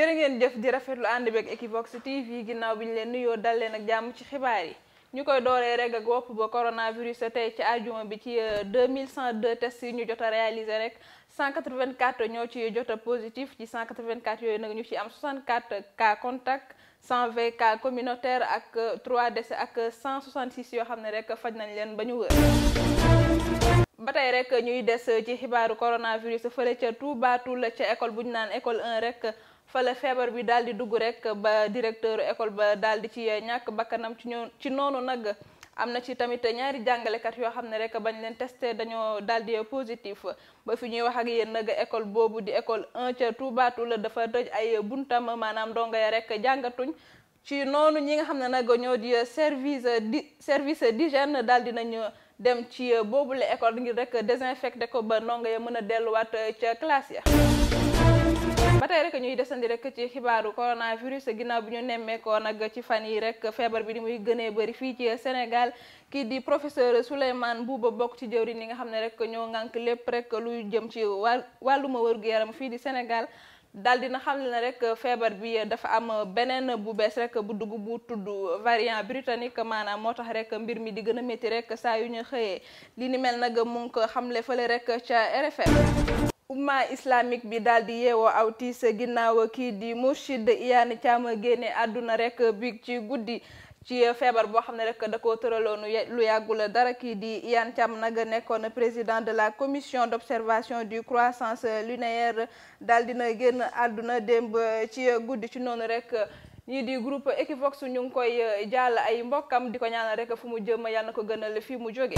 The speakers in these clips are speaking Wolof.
jërë ngeen jëf di rafetlu ànd beeg Equivox TV ginnaaw bi ñu leen nuyoo dal leen ak jàmm ci xibaar yi ñu koy dooree rek ak wopp ba coronavirus tey ci àjjuma bi ci 2102 euh, tests yi ñu jot a réalisé rek 184 ñoo ci jot positif ci 184 yooyu nag ñu ci am 64 cas contact 120 cas communautaire ak 3 euh, décès ak 166 yoo xam ne rek faj nañ leen ba ñu wër. ba tey rek ñuy des ci xibaaru coronavirus fële ca Touba Toul ca école bu ñu naan école un rek. fa feebar bi daal di dugg rek ba directeur école ba daal di ci ñàkk bakkanam ci ñoo ci noonu nag am na ci tamit ñaari jàngalekat yoo xam ne rek bañ leen testé dañoo daal di positif ba fi ñuy wax ak yéen nag école boobu di école un ca Touba Toul dafa tëj ay buntam maanaam ndongo ya rek jàngatuñ ci noonu ñi nga xam ne nag ñoo di service di service d'hygiène daal di nañu dem ci boobu boobule école ngir rek désinfecté ko ba ndongo ya mën a delluwaat ca classe ya. ba tey rek ñuy desandi rekk ci xibaaru coronavirus ginnaaw bi ñu nemmeekoo nag ci fan yi rek feebar bi ni muy gënee bari fii ci senegal kii di professeur Souleymane Bouba bokk ci jëwriñ yi nga xam ne rek ñoo ngànk lépp rek lu jëm ci wàlluma wër-gu-yaram fii di senegal daal dina xam ne rek feebar bi dafa am beneen bu bees rek bu dugg bu tudd variant britannique maanaam moo tax rek mbir mi di gën a métti rek saa yu ñu xëyee li ni mel nag mu ko xamle fële rek ca RFM umma islamique bi daal di yeewoo aw tiis ginnaaw kii di Mourchid Iyane Thiam génne àdduna rek bi ci guddi ci feebar boo xam ne rek da koo tëraloon lu yàggula dara kii di Iyane Thiam nag nekkoon président de la commission d' observation du croissance lunaire daal dina génn àdduna démb ci guddi ci noonu rek ñii di groupe Equivox ñu ngi koy euh, jàll ay mbokkam di ko ñaanal rek fu mu jëmm yal na ko gënal fii mu jóge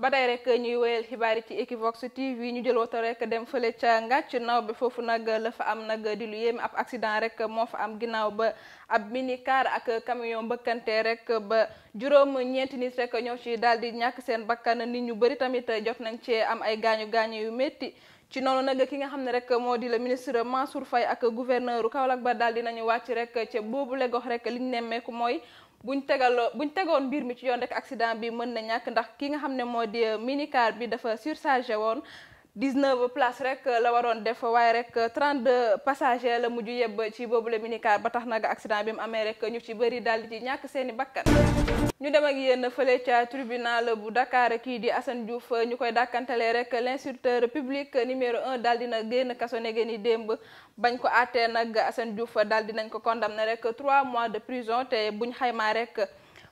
ba tey rek ñuy wéyal xibaar yi ci Equivox TV ñu jël woto rek dem fële ca ngàcc naw bi foofu nag la fa am nag di lu yéem ab accident rek moo fa am ginnaaw ba ab mini car ak camion mbëkkante rek ba juróom ñeenti nit rek ñoo ci daal di ñàkk seen bakkan nit ñu bëri tamit jot nañ cee am ay gaañu gaañu yu métti ci noonu nag ki nga xam ne rek moo di le ministre Mansour fay ak gouverneur Kaolack ba daal dinañu wàcc rek ca boobu le gox rek liñ nemmeeku mooy buñ tegal buñ tegoon mbir mi ci yoon rek accident bi mën na ñàkk ndax ki nga xam ne moo di minicar bi dafa surchargé woon 19 place rek la waroon def waaye rek 32 passagers la mujj yebb ci boobu le minicar ba tax nag accident bi mu amee rek ñu ci bëri daal di ci ñàkk seeni bakkan ñu dem ak yéen fële ca tribunal bu Dakar kii di Assane Diouf ñu koy dàkkantale rek l'inspecteur public numéro en daal dina génn kaso nege ni démb bañ ko àttee nag Assane Diouf daal nañ ko condamné rek trois mois de prison te buñ xaymaa rek.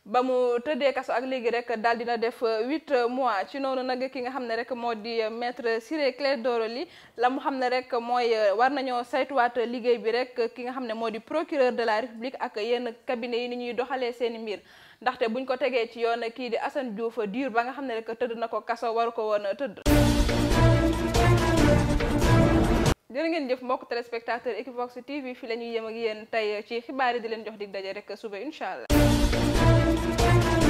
ba mu tëddee kaso ak léegi rek dal dina def euh, huit mois ci noonu nag ki nga xam ne rek moo di euh, maître Ciré Clédor li la mu xam ne rek mooy euh, war nañu saytuwaat liggéey bi rek ki nga xam ne moo di procureur de la république ak yenn cabinet yi ni ñuy doxalee seen mbir ndaxte buñ ko tegee ci yoon kii di Assane Diouf diir ba nga xam ne rek tëdd na ko kaso waru ko woon tëdd jërë ngeen jëf mbokk téléspectateur Equivox TV fi la ñuy yem ak yéen tey ci xibaar yi di leen jox dig daje rek suba incha allah Thank you.